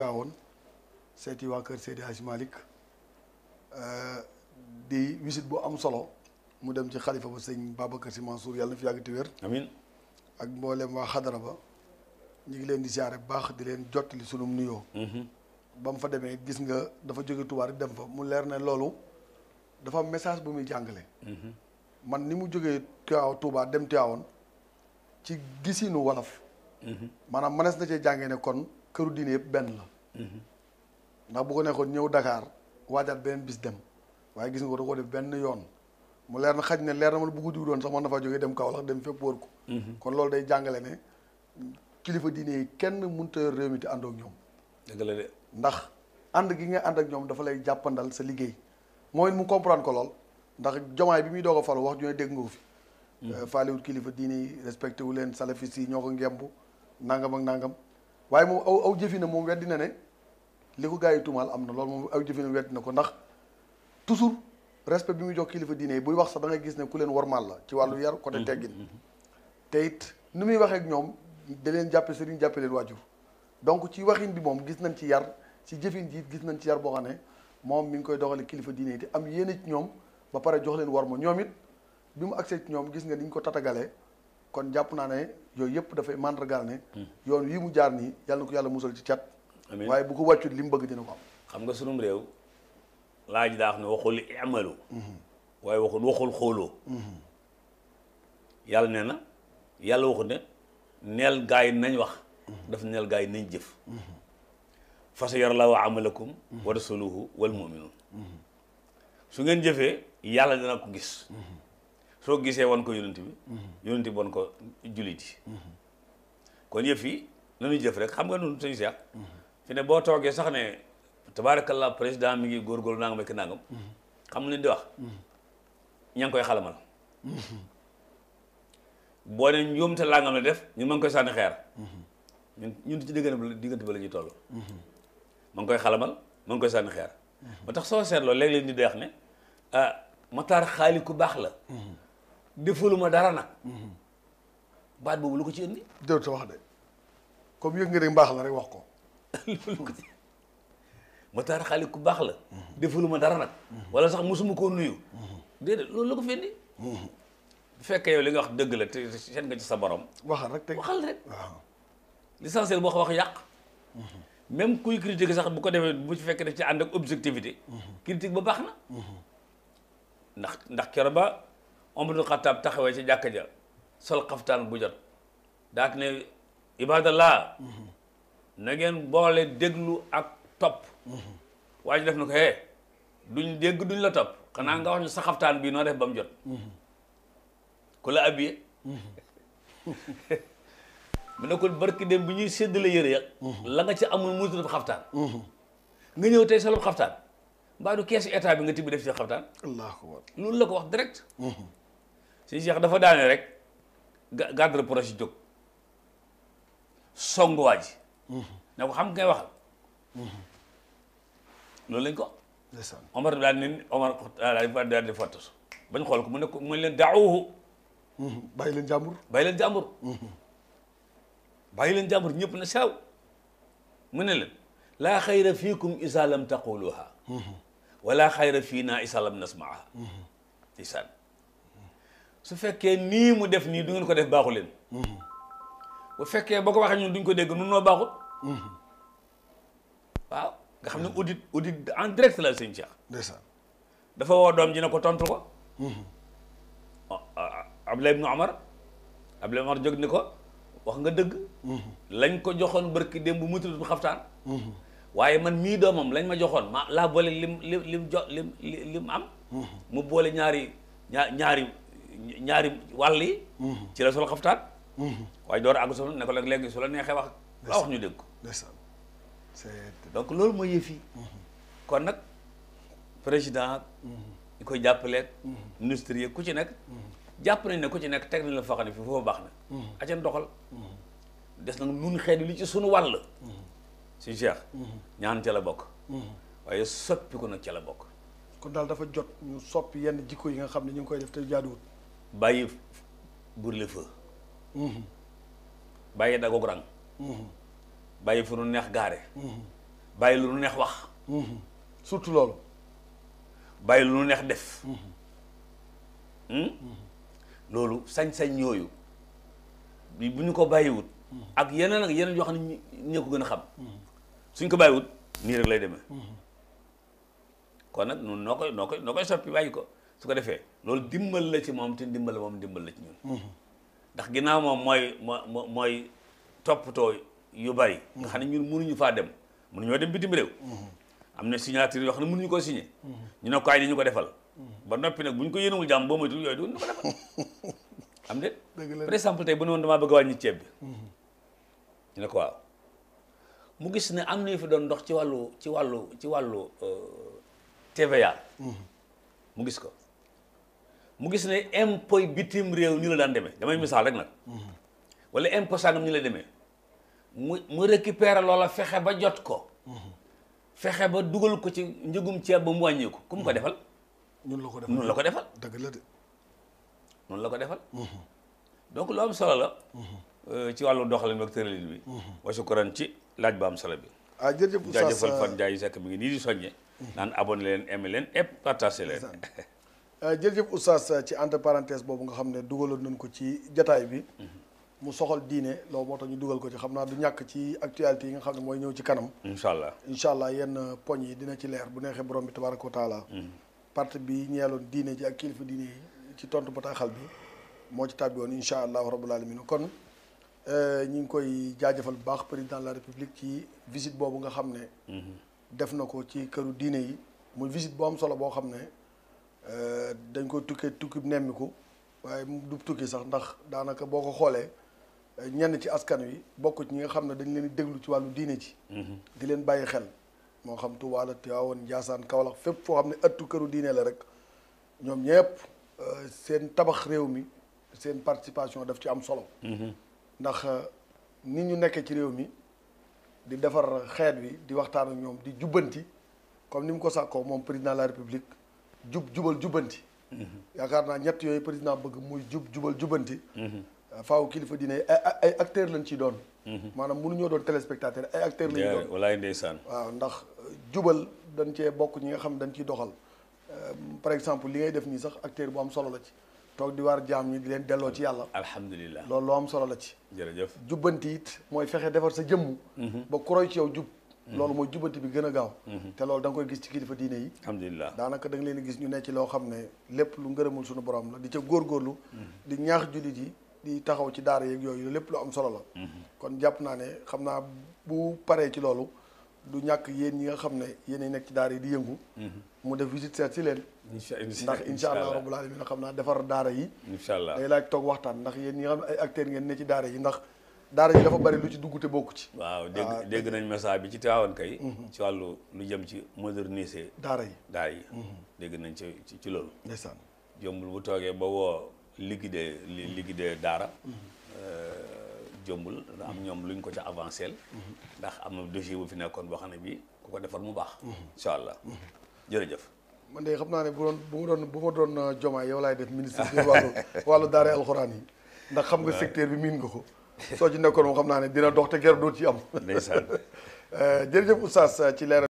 waawoon seeti waa kër Seydi Hadj eh, di visite bu am solo mu dem ci xalifa ba sëñ Babacar Sy Mansour yàlla na fi yàgg te ak mboolem waa xadara ba ñu ngi leen di siyaare bu baax di leen jottali sunum nuyoo mm-hmm. ba fa demee gis nga dafa jóge Touba dem fa mu leer ne loolu dafa am message bu muy jàngale mm-hmm. man ni mu jógee Tiwaaw dem Tiwaawoon ci gisinu wolof mm-hmm. maanaam mënees na cee jàngee ne kon këru diine yëpp benn la mhm. ndax bu ko neexoon ñëw dakaar waajaat beneen bis dem waaye gis nga ko da ko def benn yoon mu leer na xaj ne leer na man bu guddi doon sax mën na faa jógee dem Kaolack dem fépp wër ko mhm. kon loolu day jàngale ne kilifa diine yi kenn mënut a réew mi te àndoo ak ñoom ndax ànd gi nga ànd ak ñoom dafa lay jàppandal sa liggéey mooy mu comprendre ko lool ndax jomaay bi muy doo a falu wax ju ne dégg nga ko fi mhm. euh, faaliwut kilifa diine yi respecté wu leen salafis yi ñoo ko ngemb nangam ak waaye moom aw aw jëfina moom weddi ne li ko gars yi tuumaal am na loolu moom aw jëfina weddi na ko ndax toujours respect bi muy jox kilifa diine yi buy wax sax da nga gis ne ku leen warmaal la ci wàllu yar côté mhm. teggin mhm. te it ni muy waxee ñoom da leen jàppe sëriñ jàppe leen waajur donc ci waxin bi moom gis nañ ci yar ci jëfin ji gis nañ ci yar boo xam ne moom mi ngi koy doxalee kilifa diine yi te am yéene ci ñoom ba pare jox leen war ma ñoom it bi mu agsee ñoom gis nga ni ko tatagalee kon jàpp naa ne yooyu yëpp dafay màndargaal ne yoon wii mu jaar nii yàlla na ko yàlla musal ci cat waaye bu ko wàccut li mu bëgg dina ko am xam nga sunum réew laaj daa wax ne waxul imalu waaye waxul waxul xooloo yàlla nee na yàlla waxul ne neel gaa yi nañ wax daf neel gaa yi nañ jëf fasayara llaahu amalakum wa rasuluhu wal muminuun su ngeen jëfee yàlla dina ko gis soo gisee wan ko yonent bi mhm. yonent bi wan ko jullit yi mhm. kon yëf yi la ñuy jëf rek xam nga nun suñu seex mhm. fi ne boo toogee sax ne la président mi ngi góorgóorlu nangam ak nangam xam nga leen di wax ña ngi koy xalamal boo ne njuumte langam la def ñu ma ngi koy sànni xeer ñun ñun ci diggante diggante ba la ñuy toll ma ngi koy xalamal ma ngi koy sànni xeer ba tax soo seetloo léeg-léeg ñu deex ne ah Matar xaali ku baax la defuluma dara nag baat boobu lu ko ci indi déw ta wax de comme yëg nga ne mbaax la rek wax ko loolu ko ci Matar Xaali ku baax la defuluma dara nag wala sax mosuma koo nuyu déedéet loolu la ko fi indi bu fekkee yow li nga wax dëgg la te seet nga ci sa borom waxal rek teg waxal rek waaw l'essentiel boo wax wax yàq même kuy critique sax bu ko defee bu ci fekkee daf ci ànd ak objectivité mhm. critique ba baax na mhm. ndax ndax kero ba Omar Xataab taxawee ci jàkka ja sol xaftaan bu jot daat ne ibadallah na ngeen boole déglu ak topp waa def na ko hee duñ dégg duñ la topp xanaa nga wax ñu sa xaftaan bii noo def ba mu jot ku la abiyee mu ne ko barki dem bu ñuy sedd séddale yëre ya la nga ci amul muy tudd xaftaan nga ñëw tey solub xaftaan mbaa du keesu état bi nga tibb def ci xaftaan allahu akbar la ko wax direct si Cheikh dafa daane rek garde rapproché jóg songuwaay ji. Mhm. na ko xam ngay waxal. Mhm. loolu lañ ko. ndeysaan Omar daal ne bañ xool ko mu ne ko mu leen daawuhu. Mhm. bàyyi leen jàmbur. bàyyi leen jàmbur. bàyyi leen jàmbur ñëpp na saaw mu ne leen laa xayra fiikum isa lam taquluha wala xayra fii naa isa lam nasmaaha ndeysaan su fekkee nii mu def nii du ngeen ko def baaxu leen mm-hmm. bu fekkee boo ko waxee ñun duñ ko dégg nun noo baaxut mm-hmm. waaw nga xam ne mm-hmm. audit audit en direct la sëñ Cheikh dafa woo doom ji ne ko tontu ko ah, ah, ah, Abdoulaye ibnu Omar Abdoulaye Omar jóg ni ko wax nga dëgg lañ ko joxoon barki démb bu mutilitu xaftaan waaye man mii doomam lañ ma joxoon ma laa boole li lim lim jo li lim am mu boole ñaari ñaar ñaari ñaari wàll yi. Mm-hmm. ci la sol xaftaan. Mm-hmm. waaye door a àgg sol ne ko léegi su la neexee wax. la wax ñu dégg ko. donc loolu mooy yëf yi. Mm-hmm. nag président. ñu koy jàppaleeg. ministre yi ku ci nekk. jàpp nañ ne ku ci nekk teg nañ la foo ne fii foofu baax na. aceen doxal. des nag nun xeet li ci sunu wàll. si Cheikh. ñaan ca la bokk. waaye soppi ko nag ca la bokk. kon daal dafa jot ñu soppi yenn jikko yi nga xam ne ñu ngi koy def te jaaduwut. bàyyi brûler feu mhm. bàyyi dagoog rang mhm. bàyyi fu nu neex gaare mhm. bàyyi lu nu neex wax surtout loolu bàyyi lu nu neex def hmm? loolu sañ-sañ yooyu bi bu ñu ko bàyyiwut ak yeneen ak yeneen yoo xam ne ñoo ko gën a xam suñ ko bàyyiwut nii rek lay demee kon nag nun noo koy noo koy noo koy soppi bàyyi ko su ko defee loolu dimbal la ci moom te dimbal moom dimbal la ci ñun mhm. ndax ginnaaw moom mooy moo mooy toppatoo yu bari mhm. nga xam ne ñun mënuñu faa dem mënuñoo dem bitim réew mhm. am na signature yoo xam ne mënuñu ko signé ñu ne ko ay ni ñu ko defal ba noppi nag bu ñu ko yéenewul jàmm boo moytul du ñu ko defal am déet par exemple damaa bëgg a wàññi ceeb bi ne ko mu gis ne am na yu fi doon ndox ci wàllu ci wàllu ci wàllu euh, TVA mu gis ko mu gis ne po impôt bitim réew ñu la daan demee damay misaal rek nag wala impôt sàngam ñu la demee mu mu récupérer loola fexe ba jot ko fexe ba dugal ko ci njëgum ceeb ba mu wàññi ko ku mu ko defal ñun la ko defal ñun la ko defal dëgg la noonu la ko defal mhm. donc lu am solo la mhm. euh, ci wàllu doxalin ak tëralin bi mhm. wa shukran ci laaj ba am solo bi ah jërëjëf jaajëfal euh, fan Ndiaye Seck mi ngi nii di soññe naan abonné leen aimé leen et partagé leen Euh, jërëjëf oustaz euh, ci entre parenthèse boobu nga xam ne dugaloon nañ ko ci jataay bi mhm. mu soxal diine loolu moo tax ñu dugal ko ci xam naa du ñàkk ci actualité yi nga xam ne mooy ñëw ci kanam incha allah incha allah yenn euh, poñ yi dina ci leer bu neexee borom bi tabaraka wa taala mhm. partie bi ñeeloon diine ji ak kilifa diine yi ci tontu bataaxal bi moo ci tàbbi woon incha allahu rabbul alamin kon ñu ngi koy jaajëfal bu baax président de la république ci visite boobu nga xam ne mhm. def na ko ci këru diine yi muy visite bu am solo boo xam ne Euh, dañ ko tukkee tukki nemmiku waaye du tukki sax ndax daanaka boo ko xoolee euh, ñenn ci askan wi bokk ñi nga xam ne dañ leen déglu ci wàllu diine ji mhm. di leen bàyyi xel moo xam Tuubaa la Tiwaawan Njaasaan Kawlax fépp foo xam ne ëttu këru diine la rek ñoom ñëpp euh, seen tabax réew mi seen participation def ci am solo mhm. ndax ni ñu nekkee ci réew mi di defar xeet wi di waxtaan ak ñoom di jubbanti comme ni mu ko sàkkoo moom président la république jub jubal jubanti yaakaar naa ñett yooyu président bëgg muy jub jubal jubanti mhm. faaw kilifa diine ay acteur lañ ciy doon mhm. maanaam ñoo doon téléspectateur ay acteur lañ doon walaay ndeysaan waaw ndax euh, jubal dañ cee bokk ñi nga xam dañ ciy doxal euh, par exemple li ngay def nii sax acteur boo am solo la ci toog di waar jaam ñi di leen delloo ci yàlla alhamdulilah loolu loo am solo la ci jërëjëf jubbanti it mooy fexe defar sa jëmm mhm. ba ku ci yow jub loolu mooy jubanti bi gën a gaaw mhm. te loolu da nga koy gis ci kilifa diine yi alhamdulilah daanaka da nga leen gis ñu ne loo xam ne lépp lu ngërëmul suñu borom la di ca góorgóorlu mhm. di ñaax jullit yi di taxaw ci daara yeeg yooyu lépp lu am solo la mhm. kon jàpp naa ne xam naa bu paree ci loolu du ñàkk yéen ñi nga xam ne yéen a nekk ci daara yi di yëngu mu def visite seet si leen ndax insha allah rabbul alamin xam naa defar daara yi insha allah day laaj toog waxtaan ndax yéen ñi nga ngeen ne ci daara yi ndax daara ji dafa bari lu ci dugg te bokku ci. waaw ah, dégg dégg nañ message bi ci Tivaouane kay. Mhm. ci wàllu lu jëm ci moderniser. daara yi daara yi. Mhm. dégg nañ ci ci loolu. ndeysaan jombul bu toogee ba woo liggéey li liggéey daara. Mhm. Euh, jombul am ñoom luñ ko ca avancé ndax am na dossier bu fi nekkoon boo xam ne bii ku ko defar mu baax. incha allah jërëjëf. man de xam naa ne bu bu ma doon bu ma doon jomaay euh, yow laay def ministre ci wàllu wàllu daara alxuraan yi ndax xam nga secteur bi miin nga ko. soo ci nekkoon moom xam naa ne dina dox te ger doot ci am. ndeysaan eh, jërëjëf oustaz ci leeral